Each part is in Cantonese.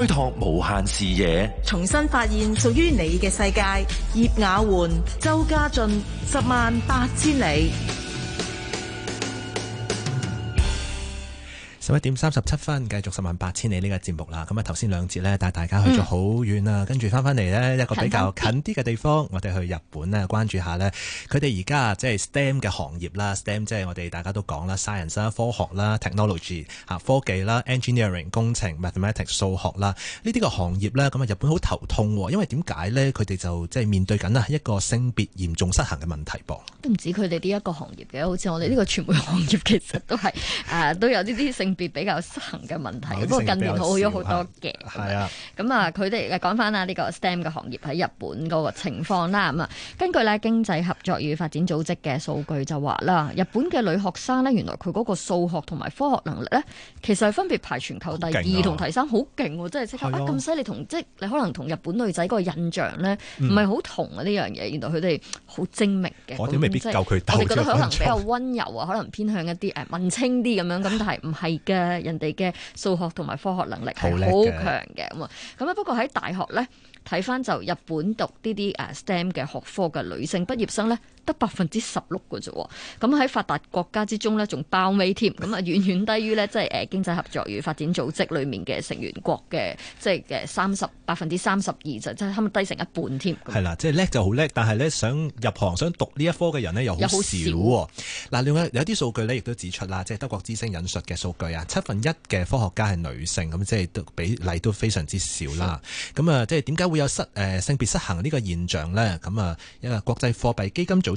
開拓無限視野，重新發現屬於你嘅世界。葉雅媛、周家俊，十萬八千里。一點三十七分，繼續十萬八千里呢個節目啦。咁啊，頭先兩節呢，帶大家去咗好遠啦，跟住翻翻嚟呢一個比較近啲嘅地方，我哋去日本呢，關注下呢佢哋而家即係 STEM 嘅行業啦，STEM 即係我哋大家都講啦，science 啦、科學啦、technology 吓科技啦、engineering 工程、mathematics 數學啦，呢啲個行業呢，咁啊日本好頭痛，因為點解呢？佢哋就即係面對緊啊一個性別嚴重失衡嘅問題噃。都唔止佢哋呢一個行業嘅，好似我哋呢個傳媒行業，其實都係誒 都有呢啲性。別比較失衡嘅問題，不過近年好咗好多嘅。係啊的，咁啊、嗯，佢哋講翻啊，呢個 STEM 嘅行業喺日本嗰個情況啦。咁、嗯、啊，根據咧經濟合作與發展組織嘅數據就話啦，日本嘅女學生呢，原來佢嗰個數學同埋科學能力呢，其實係分別排全球第二同、啊、第三，好勁喎！真係即刻咁犀利，同的、啊、即你可能同日本女仔嗰個印象呢，唔係好同啊呢樣嘢。原來佢哋好精明嘅，我哋未必夠佢鬥嘅。我哋覺得可能比較温柔啊，可能偏向一啲誒、哎、文青啲咁樣，咁但係唔係。人哋嘅數學同埋科學能力係好強嘅，咁啊，咁啊不過喺大學呢，睇翻就日本讀呢啲誒 STEM 嘅學科嘅女性畢業生呢，得百分之十六嘅啫，咁喺發達國家之中呢仲包尾添，咁啊遠遠低於呢，即係誒經濟合作與發展組織裏面嘅成員國嘅，即係誒三十百分之三十二，就即係低成一半添。係啦，即係叻就好叻，但係呢想入行，想讀呢一科嘅人呢又好少。嗱、啊，另外有啲數據呢亦都指出啦，即係德國之聲引述嘅數據啊，七分一嘅科學家係女性，咁即係都比例都非常之少啦。咁啊，即係點解會有失誒、呃、性別失衡呢個現象呢，咁、嗯、啊，因為國際貨幣基金組。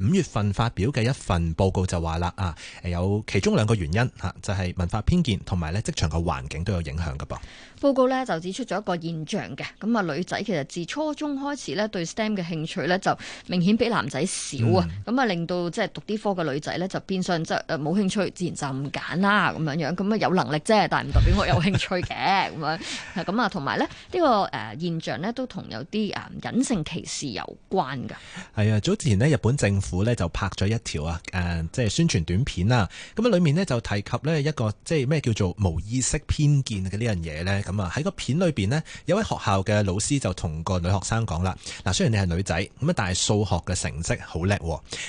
五月份發表嘅一份報告就話啦啊，有其中兩個原因嚇、啊，就係、是、文化偏見同埋咧職場嘅環境都有影響嘅噃。報告咧就指出咗一個現象嘅，咁啊女仔其實自初中開始咧對 STEM 嘅興趣咧就明顯比男仔少啊，咁啊、嗯、令到即係讀啲科嘅女仔咧就變相即係誒冇興趣，自然就唔揀啦咁樣樣。咁啊有能力啫，但唔代表我有興趣嘅咁 樣。咁啊同埋咧呢、呢個誒現象呢，都同有啲誒隱性歧視有關㗎。係啊，早之前呢，日本政府府咧就拍咗一條啊，誒，即係宣傳短片啦。咁啊，裏面咧就提及咧一個即係咩叫做無意識偏見嘅呢樣嘢咧。咁啊喺個片裏邊呢，有位學校嘅老師就同個女學生講啦。嗱，雖然你係女仔，咁啊，但係數學嘅成績好叻，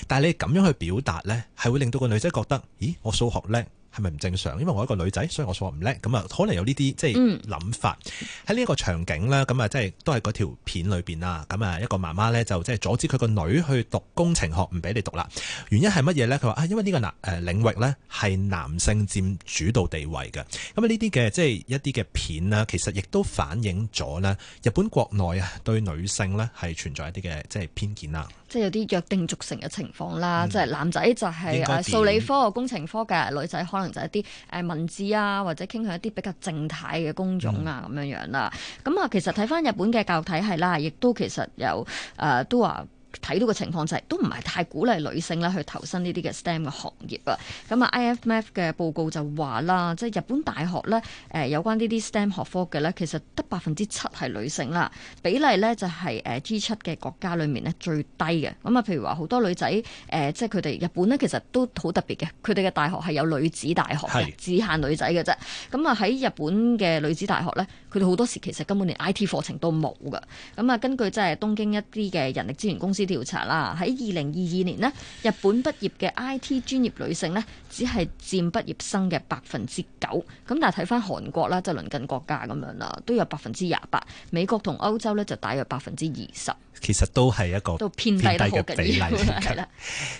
但係你咁樣去表達咧，係會令到個女仔覺得，咦，我數學叻。係咪唔正常？因為我一個女仔，所以我數學唔叻。咁啊，可能有呢啲即係諗法。喺呢一個場景啦，咁啊，即係都係嗰條片裏邊啦。咁啊，一個媽媽咧就即係阻止佢個女去讀工程學，唔俾你讀啦。原因係乜嘢咧？佢話啊，因為呢個男誒領域咧係男性佔主導地位嘅。咁啊，呢啲嘅即係一啲嘅片咧，其實亦都反映咗啦。日本國內啊對女性咧係存在一啲嘅即係偏見啦。即係有啲約定俗成嘅情況啦，嗯、即係男仔就係誒數理科、工程科嘅女仔可能。就一啲誒文字啊，或者傾向一啲比較靜態嘅工種啊，咁、嗯、樣樣啦。咁啊，其實睇翻日本嘅教育體系啦，亦都其實有誒、呃、都話。睇到嘅情況就係、是、都唔係太鼓勵女性咧去投身呢啲嘅 STEM 嘅行業啊！咁啊，I M F 嘅報告就話啦，即係日本大學咧，誒、呃、有關呢啲 STEM 學科嘅咧，其實得百分之七係女性啦，比例咧就係誒 G 七嘅國家裏面咧最低嘅。咁啊，譬如話好多女仔誒、呃，即係佢哋日本咧，其實都好特別嘅，佢哋嘅大學係有女子大學嘅，是只限女仔嘅啫。咁啊喺日本嘅女子大學咧，佢哋好多時其實根本連 I T 課程都冇㗎。咁啊，根據即係東京一啲嘅人力資源公司，調查啦，喺二零二二年呢，日本畢業嘅 IT 專業女性呢，只係佔畢業生嘅百分之九。咁但係睇返韓國啦，就鄰近國家咁樣啦，都有百分之廿八。美國同歐洲呢，就大約百分之二十。其實都係一個偏低嘅比例嚟嘅。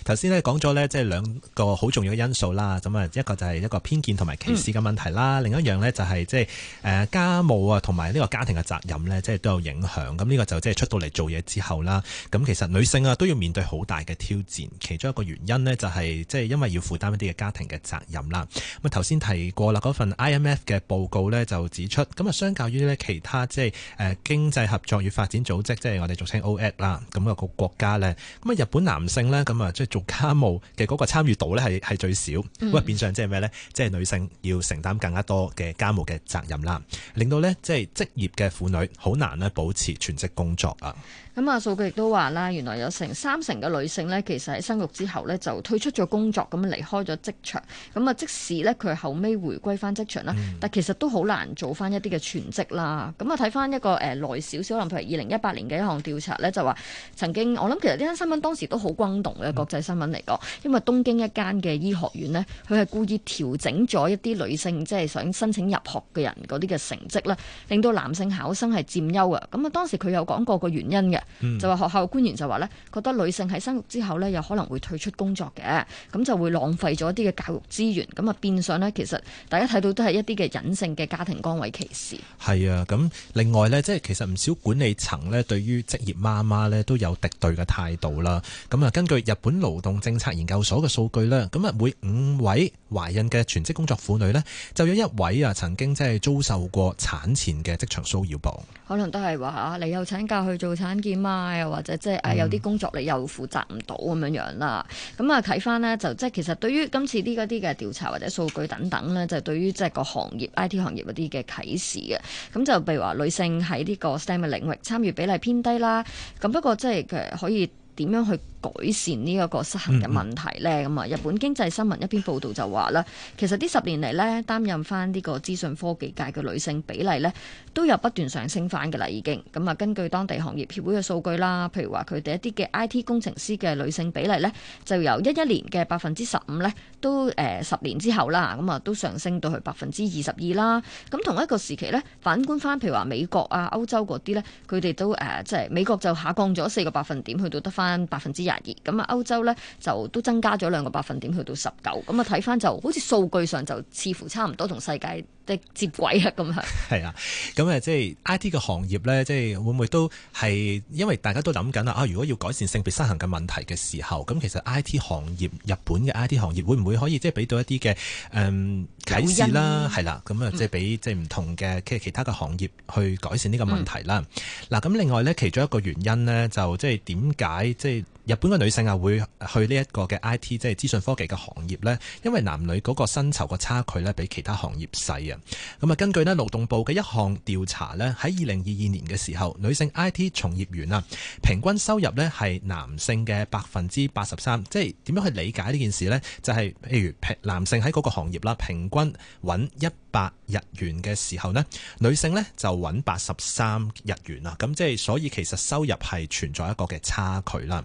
頭先咧講咗咧，即係兩個好重要嘅因素啦。咁啊，一個就係一個偏見同埋歧視嘅問題啦。嗯、另一樣咧就係即係誒家務啊，同埋呢個家庭嘅責任咧，即係都有影響。咁呢個就即係出到嚟做嘢之後啦。咁其實女性啊都要面對好大嘅挑戰。其中一個原因呢，就係即係因為要負擔一啲嘅家庭嘅責任啦。咁啊頭先提過啦，嗰份 IMF 嘅報告咧就指出，咁啊相較於咧其他即係誒經濟合作與發展組織，即係我哋俗稱 o 啦，咁啊個國家咧，咁啊日本男性咧，咁啊即係做家務嘅嗰個參與度咧係係最少，咁啊、嗯、變相即係咩咧？即係女性要承擔更加多嘅家務嘅責任啦，令到咧即係職業嘅婦女好難咧保持全職工作啊。咁啊，數據亦都話啦，原來有成三成嘅女性呢，其實喺生育之後呢，就退出咗工作，咁離開咗職場。咁啊，即使呢，佢後尾回歸翻職場啦，但其實都好難做翻一啲嘅全職啦。咁啊，睇翻一個誒耐少少，可能譬如二零一八年嘅一項調查呢，就話曾經我諗其實呢單新聞當時都好轟動嘅國際新聞嚟講，因為東京一間嘅醫學院呢，佢係故意調整咗一啲女性即係想申請入學嘅人嗰啲嘅成績咧，令到男性考生係佔優啊。咁啊，當時佢有講過個原因嘅。嗯、就話學校官員就話咧，覺得女性喺生育之後咧，有可能會退出工作嘅，咁就會浪費咗一啲嘅教育資源，咁啊變相呢，其實大家睇到都係一啲嘅隱性嘅家庭崗位歧視。係啊，咁另外呢，即係其實唔少管理層呢，對於職業媽媽呢都有敵對嘅態度啦。咁啊，根據日本勞動政策研究所嘅數據呢，咁啊每五位懷孕嘅全職工作婦女呢，就有一位啊曾經即係遭受過產前嘅職場騷擾噃。可能都係話你又請假去做產檢。點買啊？或者即係誒，有啲工作你又負責唔到咁樣樣啦。咁啊，睇翻咧就即係其實對於今次啲嗰啲嘅調查或者數據等等咧，就對於即係個行業 IT 行業嗰啲嘅啟示嘅。咁就譬如話女性喺呢個 STEM 嘅領域參與比例偏低啦。咁不過即係誒可以。點樣去改善呢一個失衡嘅問題呢？咁啊，日本經濟新聞一篇報道就話啦，其實呢十年嚟呢，擔任翻呢個資訊科技界嘅女性比例呢，都有不斷上升翻㗎啦，已經。咁啊，根據當地行業協會嘅數據啦，譬如話佢哋一啲嘅 IT 工程師嘅女性比例呢，就由一一年嘅百分之十五呢，都誒十年之後啦，咁啊都上升到去百分之二十二啦。咁同一個時期呢，反觀翻譬如話美國啊、歐洲嗰啲呢，佢哋都誒、呃、即係美國就下降咗四個百分點，去到得翻。百分之廿二，咁啊，歐洲咧就都增加咗兩個百分點，去到十九。咁啊，睇翻就好似數據上就似乎差唔多同世界嘅接軌樣啊，咁啊，係啊，咁啊，即係 I T 嘅行業咧，即係會唔會都係因為大家都諗緊啊？啊，如果要改善性別失衡嘅問題嘅時候，咁其實 I T 行業、日本嘅 I T 行業會唔會可以即係俾到一啲嘅誒啟示啦？係、嗯、啦，咁引啊，即係俾即係唔同嘅嘅其他嘅行業去改善呢個問題啦。嗱、嗯，咁、啊、另外咧，其中一個原因咧，就即係點解？即係日本嘅女性啊，會去呢一個嘅 I T 即係資訊科技嘅行業咧，因為男女嗰個薪酬嘅差距咧，比其他行業細啊。咁啊，根據咧勞動部嘅一項調查咧，喺二零二二年嘅時候，女性 I T 從業員啊，平均收入咧係男性嘅百分之八十三。即係點樣去理解呢件事咧？就係、是、譬如男性喺嗰個行業啦，平均揾一百日元嘅時候呢，女性呢就揾八十三日元啦。咁即係所以其實收入係存在一個嘅差距啦。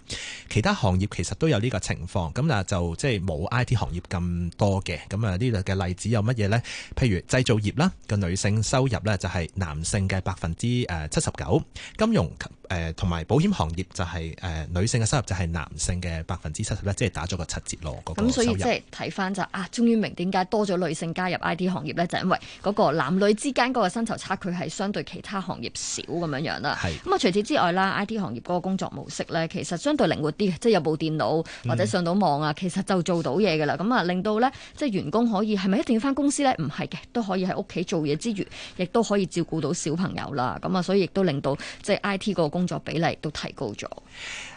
其他行業其實都有呢個情況。咁啊就即係冇 I T 行業咁多嘅。咁啊呢度嘅例子有乜嘢呢？譬如製造業啦，個女性收入呢就係男性嘅百分之誒七十九。金融誒同埋保險行業就係、是、誒、呃、女性嘅收入就係男性嘅百分之七十，即係打咗個七折落咁、嗰個收入、所以即係睇返就啊，終於明點解多咗女性加入 I.T 行業咧，就是、因為嗰個男女之間嗰個薪酬差距係相對其他行業少咁樣樣啦。咁啊是，除此之外啦，I.T 行業嗰個工作模式咧，其實相對靈活啲，即係有部電腦或者上到網啊，嗯、其實就做到嘢噶啦。咁啊，令到咧即係員工可以係咪一定要返公司咧？唔係嘅，都可以喺屋企做嘢之餘，亦都可以照顧到小朋友啦。咁啊，所以亦都令到即係 I.T 個工。工作比例都提高咗，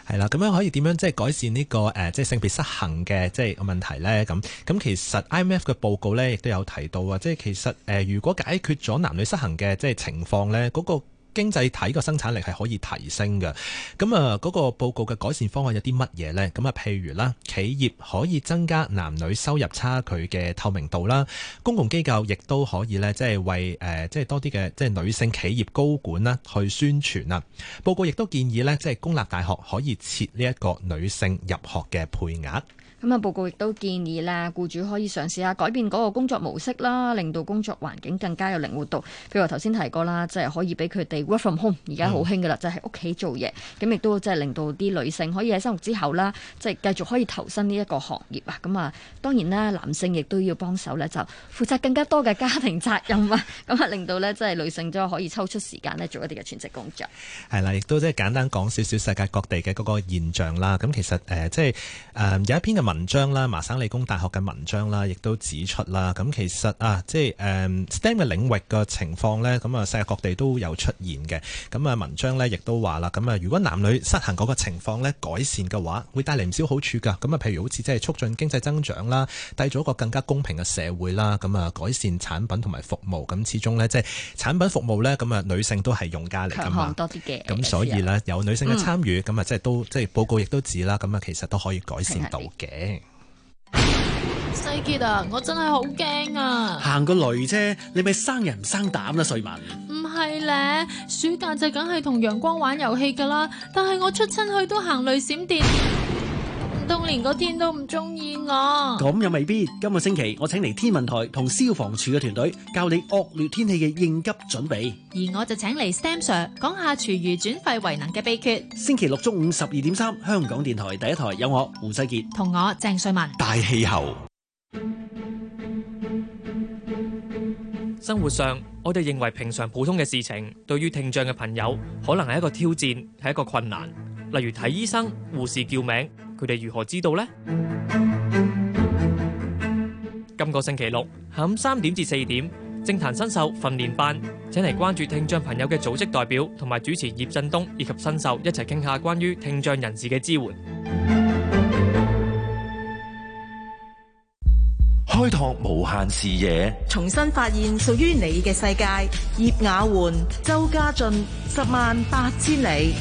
係啦。咁樣可以點樣即係改善呢、這個誒、呃，即係性別失衡嘅即係個問題呢？咁咁其實 IMF 嘅報告呢，亦都有提到啊，即係其實誒、呃，如果解決咗男女失衡嘅即係情況呢，嗰、那個。經濟體個生產力係可以提升嘅，咁啊，嗰個報告嘅改善方案有啲乜嘢呢？咁啊，譬如啦，企業可以增加男女收入差距嘅透明度啦，公共機構亦都可以咧、呃，即係為誒即係多啲嘅即係女性企業高管啦去宣傳啦。報告亦都建議呢，即係公立大學可以設呢一個女性入學嘅配額。咁啊，報告亦都建議啦，僱主可以嘗試下改變嗰個工作模式啦，令到工作環境更加有靈活度。譬如話頭先提過啦，即係可以俾佢哋 work from home，而家，嗯，好興噶啦，就係喺屋企做嘢。咁亦都即係令到啲女性可以喺生活之後啦，即係繼續可以投身呢一個行業啊。咁啊，當然啦，男性亦都要幫手咧，就負責更加多嘅家庭責任啊。咁啊，令到咧即係女性都可以抽出時間咧做一啲嘅全職工作。係啦，嗯，亦都即係簡單講少少世界各地嘅嗰個現象啦。咁其實誒即係誒有一篇嘅。文章啦，麻省理工大學嘅文章啦，亦都指出啦。咁其實啊，即係誒、嗯、STEM 嘅領域嘅情況咧，咁啊，世界各地都有出現嘅。咁啊，文章咧亦都話啦，咁啊，如果男女失衡嗰個情況咧改善嘅話，會帶嚟唔少好處㗎，咁啊，譬如好似即係促進經濟增長啦，帶咗一個更加公平嘅社會啦。咁啊，改善產品同埋服務，咁始終咧，即係產品服務咧，咁啊，女性都係用家嚟㗎嘛。多啲嘅。咁所以咧，有女性嘅參與，咁啊、嗯，即係都即係報告亦都指啦。咁啊，其實都可以改善到嘅。細杰啊，我真係好驚啊！行個雷啫，你咪生人唔生膽啦、啊，瑞文。唔係咧，暑假就梗係同陽光玩遊戲噶啦，但係我出親去都行雷閃電。連個天都唔中意我，咁又未必。今個星期我請嚟天文台同消防處嘅團隊教你惡劣天氣嘅應急準備，而我就請嚟 STEM Sir 講下廚餘轉廢為能嘅秘訣。星期六中午十二點三，香港電台第一台有我胡世杰同我鄭瑞文。大氣候生活上，我哋認為平常普通嘅事情，對於聽障嘅朋友可能係一個挑戰，係一個困難，例如睇醫生、護士叫名。佢哋如何知道呢？今個星期六下午三點至四點，政壇新秀訓練班，請嚟關注聽障朋友嘅組織代表同埋主持葉振東以及新秀一齊傾下關於聽障人士嘅支援，開拓無限視野，重新發現屬於你嘅世界。葉雅媛、周家進，十萬八千里。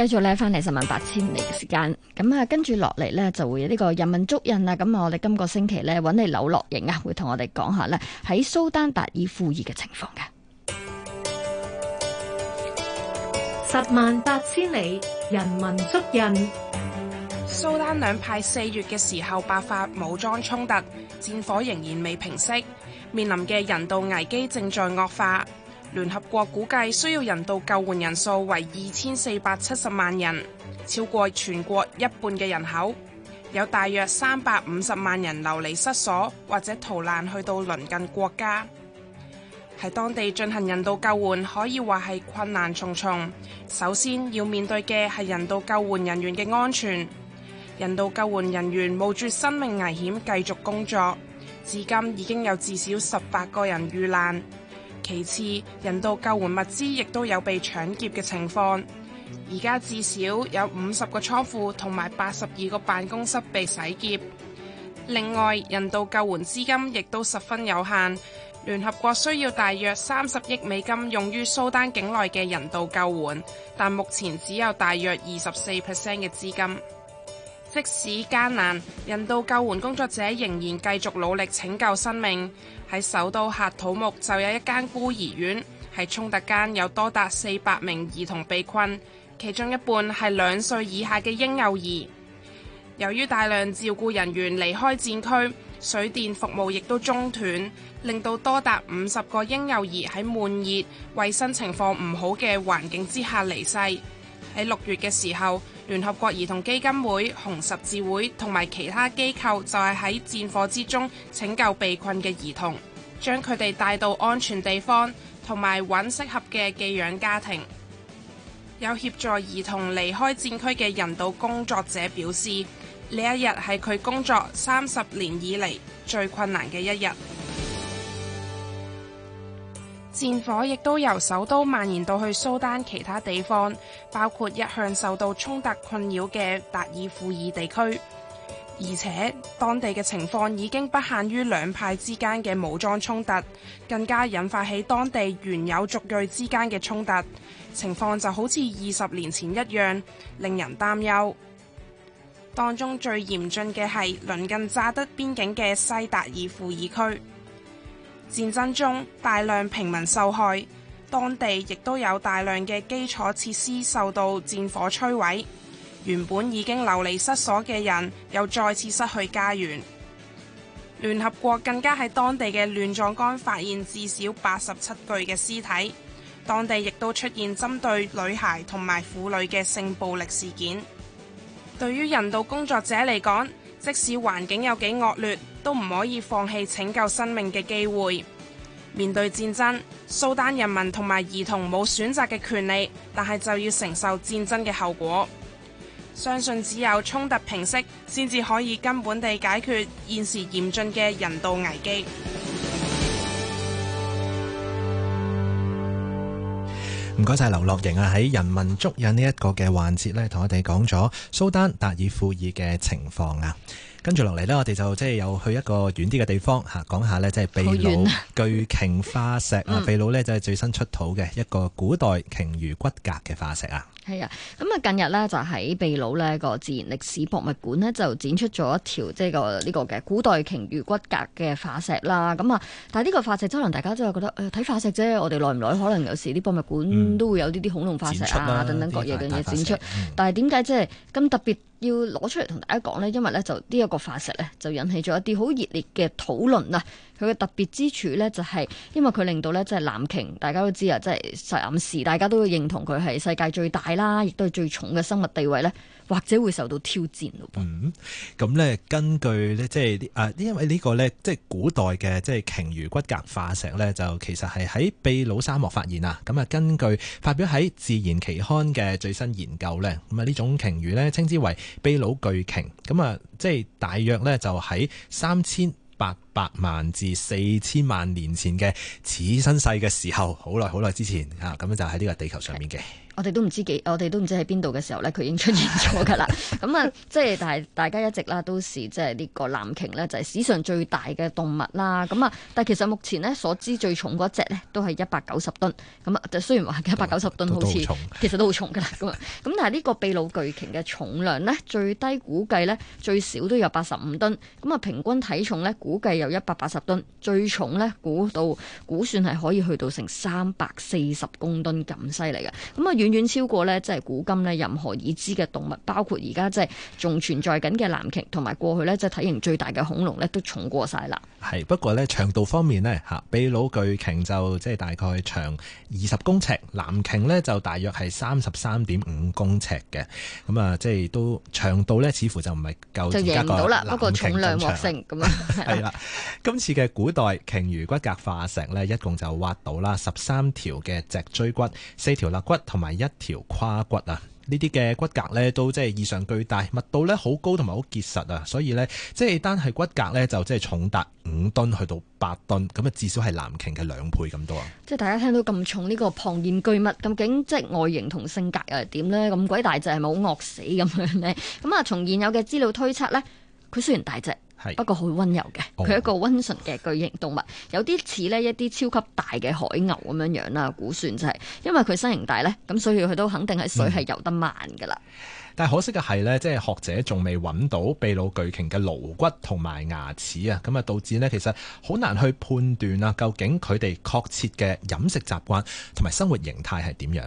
繼續咧翻嚟十萬八千里嘅時間，咁啊跟住落嚟呢，就會有呢個人文足印啊，咁我哋今個星期呢，揾你劉樂瑩啊，會同我哋講下呢，喺蘇丹達爾富爾嘅情況嘅。十萬八千里人文足印，蘇丹兩派四月嘅時候爆發武裝衝突，戰火仍然未平息，面臨嘅人道危機正在惡化。聯合國估計需要人道救援人數為二千四百七十萬人，超過全國一半嘅人口。有大約三百五十萬人流離失所，或者逃難去到鄰近國家。喺當地進行人道救援可以話係困難重重。首先要面對嘅係人道救援人員嘅安全。人道救援人員冒住生命危險繼續工作，至今已經有至少十八個人遇難。其次，人道救援物資亦都有被搶劫嘅情況，而家至少有五十個倉庫同埋八十二個辦公室被洗劫。另外，人道救援資金亦都十分有限，聯合國需要大約三十億美金用於蘇丹境內嘅人道救援，但目前只有大約二十四 percent 嘅資金。即使艱難，人道救援工作者仍然繼續努力拯救生命。喺首都喀土木就有一間孤兒院，喺衝突間有多達四百名兒童被困，其中一半係兩歲以下嘅嬰幼兒。由於大量照顧人員離開戰區，水電服務亦都中斷，令到多達五十個嬰幼兒喺悶熱、衞生情況唔好嘅環境之下離世。喺六月嘅時候，聯合國兒童基金會、紅十字會同埋其他機構就係喺戰火之中拯救被困嘅兒童，將佢哋帶到安全地方，同埋搵適合嘅寄養家庭。有協助兒童離開戰區嘅人道工作者表示，呢一日係佢工作三十年以嚟最困難嘅一日。戰火亦都由首都蔓延到去蘇丹其他地方，包括一向受到衝突困擾嘅達爾富爾地區。而且當地嘅情況已經不限於兩派之間嘅武裝衝突，更加引發起當地原有族裔之間嘅衝突。情況就好似二十年前一樣，令人擔憂。當中最嚴峻嘅係鄰近乍德邊境嘅西達爾富爾區。戰爭中大量平民受害，當地亦都有大量嘅基礎設施受到戰火摧毀。原本已經流離失所嘅人，又再次失去家園。聯合國更加喺當地嘅亂葬崗發現至少八十七具嘅屍體，當地亦都出現針對女孩同埋婦女嘅性暴力事件。對於人道工作者嚟講，即使環境有幾惡劣。都唔可以放棄拯救生命嘅機會。面對戰爭，蘇丹人民同埋兒童冇選擇嘅權利，但係就要承受戰爭嘅後果。相信只有衝突平息，先至可以根本地解決現時嚴峻嘅人道危機。唔該晒劉樂瑩啊，喺人文足印呢一個嘅環節咧，同我哋講咗蘇丹達爾富爾嘅情況啊。跟住落嚟咧，我哋就即係又去一個遠啲嘅地方嚇、啊，講下咧即係秘魯巨鯨化石啊，很遠、 就是、化石啊。秘魯咧就係最新出土嘅一個古代鯨魚骨骼嘅化石啊。係啊，咁啊近日咧就喺秘魯呢個自然歷史博物館咧就展出咗一條即係個呢個嘅古代鯨魚骨骼嘅化石啦。咁啊，但係呢個化石可能大家即係覺得誒睇，哎，化石啫，我哋耐唔耐可能有時啲博物館都會有呢啲恐龍化石等等，嗯、啊等等各樣嘅嘢，展出。嗯，但係點解即係咁特別？要攞出嚟同大家講呢，因為呢就呢一個化石呢，就引起咗一啲好熱烈嘅討論啊！佢嘅特別之處呢，就係因為佢令到呢，即係藍鯨，大家都知啊，即係暫時，大家都會認同佢係世界最大啦，亦都係最重嘅生物地位呢，或者會受到挑戰咯、嗯。嗯，咁呢根據呢，即係啲啊，因為呢、呢個呢，即係古代嘅即係鯨魚骨骼化石呢，就其實係喺秘魯沙漠發現啊。咁啊，根據發表喺《自然》期刊嘅最新研究呢，咁啊呢種鯨魚呢稱之為，秘魯巨鯨咁啊，即係大約咧就喺三千八百萬至四千萬年前嘅始新世嘅時候，好耐好耐之前啊，咁就喺呢個地球上面嘅。我哋都唔知幾，我哋都唔知喺邊度嘅時候咧，佢已經出現咗噶啦。咁啊、 嗯，即係大大家一直啦，都、這個、是即係呢個藍鯨咧，就係史上最大嘅動物啦。咁、嗯、啊，但係其實目前咧所知最重嗰隻咧、嗯嗯像，都係一百九十噸。咁啊，就雖然話一百九十噸好似，其實都好重噶啦。咁、嗯、啊，咁但係呢個秘魯巨鯨嘅重量咧，最低估計咧最少都有八十五噸。咁、嗯、啊，平均體重咧估計有一百八十噸，最重咧估到估算係可以去到成三百四十公噸咁犀利嘅。咁啊，遠超過咧，即係古今咧任何已知嘅動物，包括而家即係仲存在緊嘅藍鯨，同埋過去咧即係體型最大嘅恐龍咧，都重過晒啦。係不過咧，長度方面咧吓，秘魯巨鯨就即係大概長二十公尺，藍鯨咧就大約係三十三點五公尺嘅。咁、嗯、啊，即係都長度咧，似乎就唔係夠。就贏唔到啦，不過重量獲勝咁樣。係啦 的， 今次嘅古代鯨魚骨骼化石咧，一共就挖到啦十三條嘅脊椎骨、四條肋骨同埋。一條胯骨啊，呢啲嘅骨骼呢都即係異常巨大，密度呢好高同埋好結實啊，所以呢，即係單係骨骼呢，就即係重達五噸去到八噸，咁啊至少係藍鯨嘅兩倍咁多啊！即係大家聽到咁重呢個龐然巨物，究竟即係外形同性格又係點呢？咁鬼大隻係咪好惡死咁樣呢？咁啊，從現有嘅資料推測呢，佢雖然大隻。是不過好温柔嘅，佢、oh. 一個温順嘅巨型動物，有啲似呢一啲超級大嘅海牛咁樣樣啦，估算就係、是，因為佢身形大呢，咁所以佢都肯定喺水係游得慢噶啦。但可惜嘅係咧，即係學者仲未揾到秘魯巨鯨嘅顱骨同埋牙齒啊，咁啊導致咧其實好難去判斷啊，究竟佢哋確切嘅飲食習慣同埋生活形態係點樣，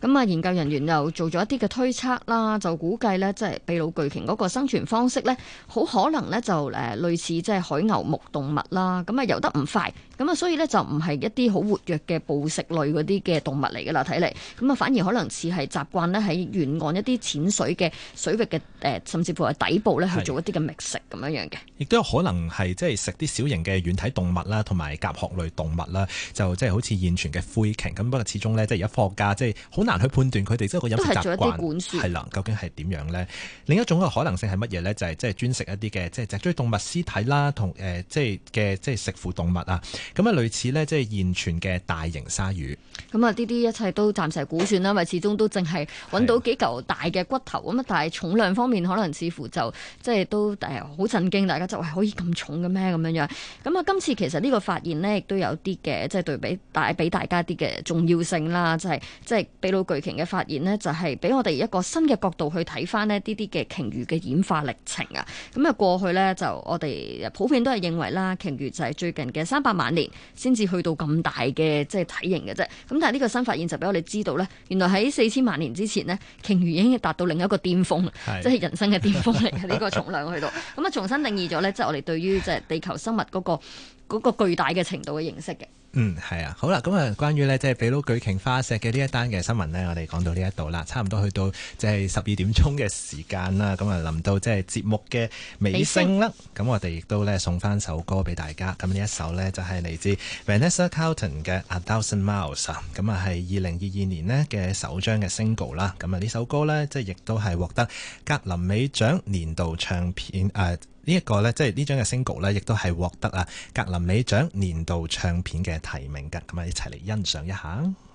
咁啊、嗯，研究人員又做咗一啲嘅推測啦，就估計咧，即係秘魯巨鯨嗰個生存方式咧，好可能咧就誒類似即係海牛目動物啦，咁啊游得唔快，咁啊所以咧就唔係一啲好活躍嘅捕食類嗰啲嘅動物嚟㗎啦，睇嚟，咁啊反而可能似係習慣咧喺沿岸一啲淺水，嘅水域嘅誒、呃，甚至乎係底部咧去做一啲嘅覓食咁樣樣嘅，亦都有可能係即係食啲小型嘅軟體動物啦，同埋甲殼類動物啦，就即係好似現存嘅灰鯨咁。不過始終咧，即係而家科學家即係好難去判斷佢哋即係個飲食習慣係啦。究竟係點樣咧？另一種嘅可能性係乜嘢咧？就係、是、即係專食一啲嘅即係脊椎動物屍體啦，同誒、呃、即係嘅即係食腐動物啊。咁啊，類似咧即係現存嘅大型鯊魚咁啊，呢啲一切都暫時估算啦，因為始終都淨係揾到幾嚿大嘅骨。咁啊！但係重量方面可能似乎就即係都誒好、呃、震驚，大家就係可以咁重嘅咩咁樣樣？咁啊，今次其實呢個發現呢，亦都有啲嘅即係對比帶俾大家啲嘅重要性啦，就是、即係即係俾到巨鯨嘅發現呢，就係、是、俾我哋一個新嘅角度去睇翻呢啲啲嘅鯨魚嘅演化歷程啊！咁啊，過去呢，就我哋普遍都係認為啦，鯨魚就係最近嘅三百萬年先至去到咁大嘅即係體型嘅啫。咁但係呢個新發現就俾我哋知道呢，原來喺四千萬年之前呢，鯨魚已經達到另一個巔峰，是即係人生嘅巔峰嚟嘅呢個重量去到，咁 啊重新定義咗咧，即、就、係、是、我哋對於即係地球生物嗰、那個、那個巨大嘅程度嘅認識嘅。嗯，係啊，好啦，咁、嗯、啊，關於呢，即係秘魯巨鯨化石嘅呢一單嘅新聞呢，我哋講到呢一度啦，差唔多去到即係十二點鐘嘅時間啦，咁啊，臨到即係節目嘅尾聲啦，咁星我哋亦都咧送翻首歌俾大家，咁呢一首呢，就係、是、嚟自 Vanessa Carlton 嘅《A Thousand Miles》，咁啊係二零二二年呢嘅首張嘅 Single 啦，咁啊呢首歌呢，即係亦都係獲得格林美獎年度唱片啊！呃呢一個咧，即係呢張嘅 single 咧，亦都係獲得啊格林美獎年度唱片嘅提名㗎，咁啊一齊嚟欣賞一下。